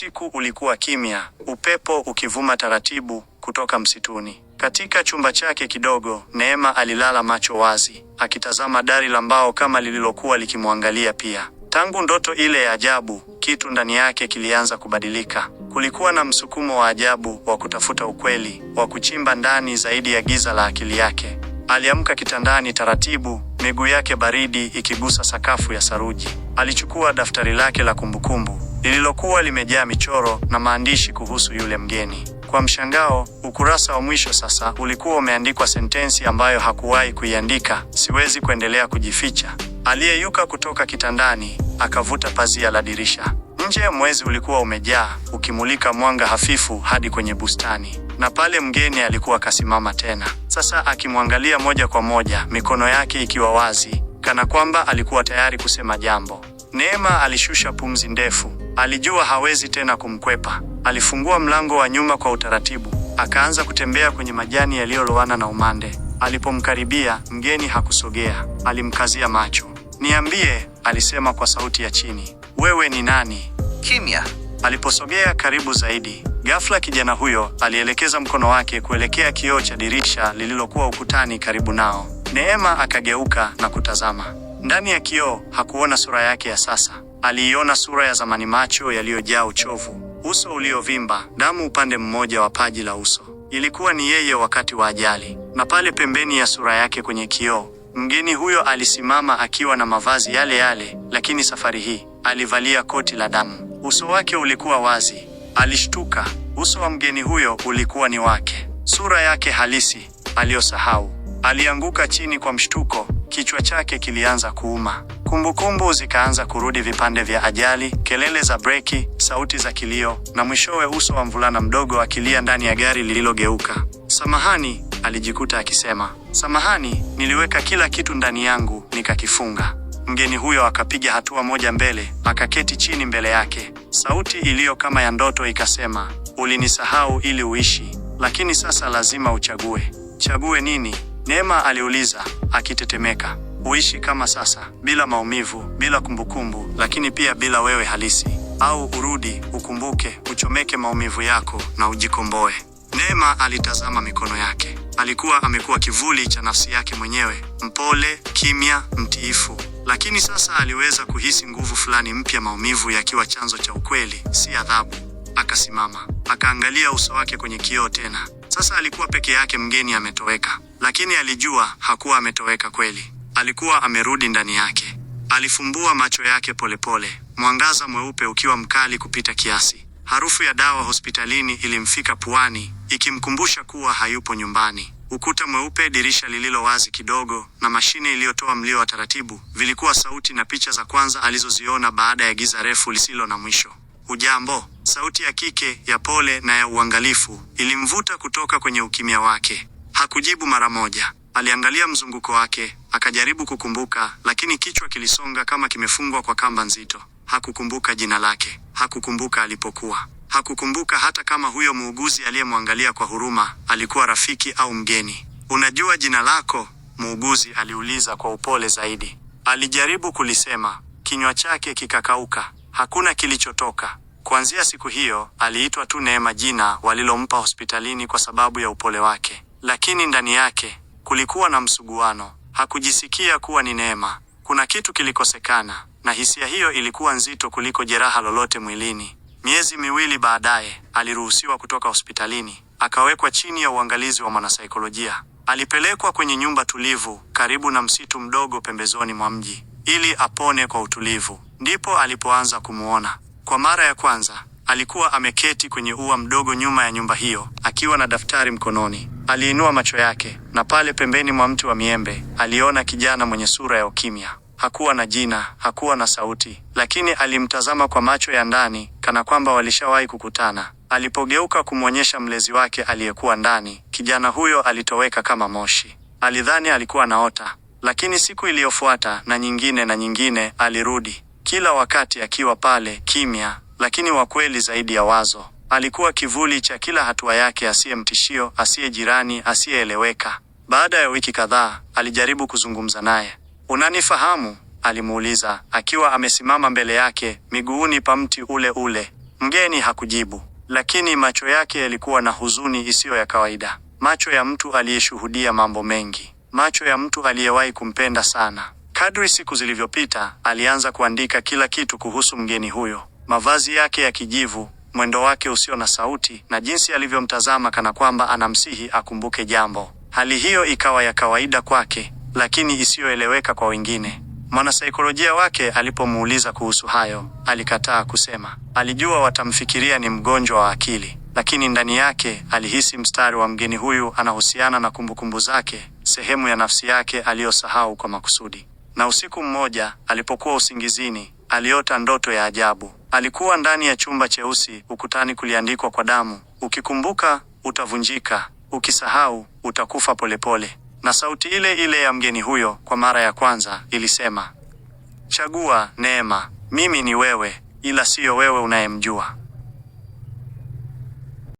Usiku ulikuwa kimya, upepo ukivuma taratibu kutoka msituni. Katika chumba chake kidogo, Neema alilala macho wazi, akitazama dari la mbao kama lililokuwa likimwangalia pia. Tangu ndoto ile ya ajabu, kitu ndani yake kilianza kubadilika. Kulikuwa na msukumo wa ajabu wa kutafuta ukweli, wa kuchimba ndani zaidi ya giza la akili yake. Aliamka kitandani taratibu, miguu yake baridi ikigusa sakafu ya saruji. Alichukua daftari lake la kumbukumbu lililokuwa limejaa michoro na maandishi kuhusu yule mgeni. Kwa mshangao, ukurasa wa mwisho sasa ulikuwa umeandikwa sentensi ambayo hakuwahi kuiandika: siwezi kuendelea kujificha. Aliyeyuka kutoka kitandani akavuta pazia la dirisha. Nje mwezi ulikuwa umejaa ukimulika mwanga hafifu hadi kwenye bustani, na pale mgeni alikuwa akasimama tena, sasa akimwangalia moja kwa moja, mikono yake ikiwa wazi, kana kwamba alikuwa tayari kusema jambo. Neema alishusha pumzi ndefu. Alijua hawezi tena kumkwepa. Alifungua mlango wa nyuma kwa utaratibu, akaanza kutembea kwenye majani yaliyolowana na umande. Alipomkaribia, mgeni hakusogea. Alimkazia macho. Niambie, alisema kwa sauti ya chini, wewe ni nani? Kimya. Aliposogea karibu zaidi, ghafla kijana huyo alielekeza mkono wake kuelekea kioo cha dirisha lililokuwa ukutani karibu nao. Neema akageuka na kutazama ndani ya kioo. Hakuona sura yake ya sasa, Aliiona sura ya zamani, macho yaliyojaa uchovu, uso uliovimba, damu upande mmoja wa paji la uso. Ilikuwa ni yeye wakati wa ajali. Na pale pembeni ya sura yake kwenye kioo, mgeni huyo alisimama akiwa na mavazi yale yale, lakini safari hii alivalia koti la damu. Uso wake ulikuwa wazi. Alishtuka, uso wa mgeni huyo ulikuwa ni wake, sura yake halisi aliyosahau. Alianguka chini kwa mshtuko, Kichwa chake kilianza kuuma, kumbukumbu zikaanza kurudi, vipande vya ajali, kelele za breki, sauti za kilio, na mwishowe uso wa mvulana mdogo akilia ndani ya gari lililogeuka. Samahani, alijikuta akisema. Samahani, niliweka kila kitu ndani yangu nikakifunga. Mgeni huyo akapiga hatua moja mbele, akaketi chini mbele yake. Sauti iliyo kama ya ndoto ikasema, ulinisahau ili uishi, lakini sasa lazima uchague. Chague nini? Neema aliuliza akitetemeka. Uishi kama sasa, bila maumivu, bila kumbukumbu, lakini pia bila wewe halisi, au urudi, ukumbuke, uchomeke maumivu yako na ujikomboe? Neema alitazama mikono yake. Alikuwa amekuwa kivuli cha nafsi yake mwenyewe, mpole, kimya, mtiifu, lakini sasa aliweza kuhisi nguvu fulani mpya, maumivu yakiwa chanzo cha ukweli, si adhabu. Akasimama akaangalia uso wake kwenye kioo tena. Sasa alikuwa peke yake, mgeni ametoweka, lakini alijua hakuwa ametoweka kweli. Alikuwa amerudi ndani yake. Alifumbua macho yake polepole, mwangaza mweupe ukiwa mkali kupita kiasi. Harufu ya dawa hospitalini ilimfika puani, ikimkumbusha kuwa hayupo nyumbani. Ukuta mweupe, dirisha lililo wazi kidogo, na mashine iliyotoa mlio wa taratibu vilikuwa sauti na picha za kwanza alizoziona baada ya giza refu lisilo na mwisho. Hujambo, Sauti ya kike ya pole na ya uangalifu ilimvuta kutoka kwenye ukimya wake. Hakujibu mara moja. Aliangalia mzunguko wake, akajaribu kukumbuka, lakini kichwa kilisonga kama kimefungwa kwa kamba nzito. Hakukumbuka jina lake, hakukumbuka alipokuwa, hakukumbuka hata kama huyo muuguzi aliyemwangalia kwa huruma alikuwa rafiki au mgeni. Unajua jina lako? muuguzi aliuliza kwa upole zaidi. Alijaribu kulisema, kinywa chake kikakauka, hakuna kilichotoka. Kuanzia siku hiyo aliitwa tu Neema, jina walilompa hospitalini kwa sababu ya upole wake, lakini ndani yake kulikuwa na msuguano. Hakujisikia kuwa ni Neema, kuna kitu kilikosekana, na hisia hiyo ilikuwa nzito kuliko jeraha lolote mwilini. Miezi miwili baadaye aliruhusiwa kutoka hospitalini, akawekwa chini ya uangalizi wa mwanasaikolojia. Alipelekwa kwenye nyumba tulivu karibu na msitu mdogo pembezoni mwa mji ili apone kwa utulivu. Ndipo alipoanza kumuona kwa mara ya kwanza alikuwa ameketi kwenye ua mdogo nyuma ya nyumba hiyo, akiwa na daftari mkononi. Aliinua macho yake, na pale pembeni mwa mti wa miembe aliona kijana mwenye sura ya ukimya. Hakuwa na jina, hakuwa na sauti, lakini alimtazama kwa macho ya ndani, kana kwamba walishawahi kukutana. Alipogeuka kumwonyesha mlezi wake aliyekuwa ndani, kijana huyo alitoweka kama moshi. Alidhani alikuwa naota, lakini siku iliyofuata na nyingine na nyingine alirudi. Kila wakati akiwa pale kimya, lakini wa kweli zaidi ya wazo. Alikuwa kivuli cha kila hatua yake, asiye mtishio, asiye jirani, asiyeeleweka. Baada ya wiki kadhaa, alijaribu kuzungumza naye. Unanifahamu? alimuuliza, akiwa amesimama mbele yake miguuni pa mti ule ule. Mgeni hakujibu, lakini macho yake yalikuwa na huzuni isiyo ya kawaida, macho ya mtu aliyeshuhudia mambo mengi, macho ya mtu aliyewahi kumpenda sana. Kadri siku zilivyopita, alianza kuandika kila kitu kuhusu mgeni huyo: mavazi yake ya kijivu, mwendo wake usio na sauti, na jinsi alivyomtazama kana kwamba anamsihi akumbuke jambo. Hali hiyo ikawa ya kawaida kwake, lakini isiyoeleweka kwa wengine. Mwanasaikolojia wake alipomuuliza kuhusu hayo, alikataa kusema. Alijua watamfikiria ni mgonjwa wa akili, lakini ndani yake alihisi mstari wa mgeni huyu anahusiana na kumbukumbu zake, sehemu ya nafsi yake aliyosahau kwa makusudi. Na usiku mmoja alipokuwa usingizini, aliota ndoto ya ajabu. Alikuwa ndani ya chumba cheusi, ukutani kuliandikwa kwa damu: ukikumbuka utavunjika, ukisahau utakufa polepole. Na sauti ile ile ya mgeni huyo, kwa mara ya kwanza, ilisema, chagua neema, mimi ni wewe, ila siyo wewe unayemjua.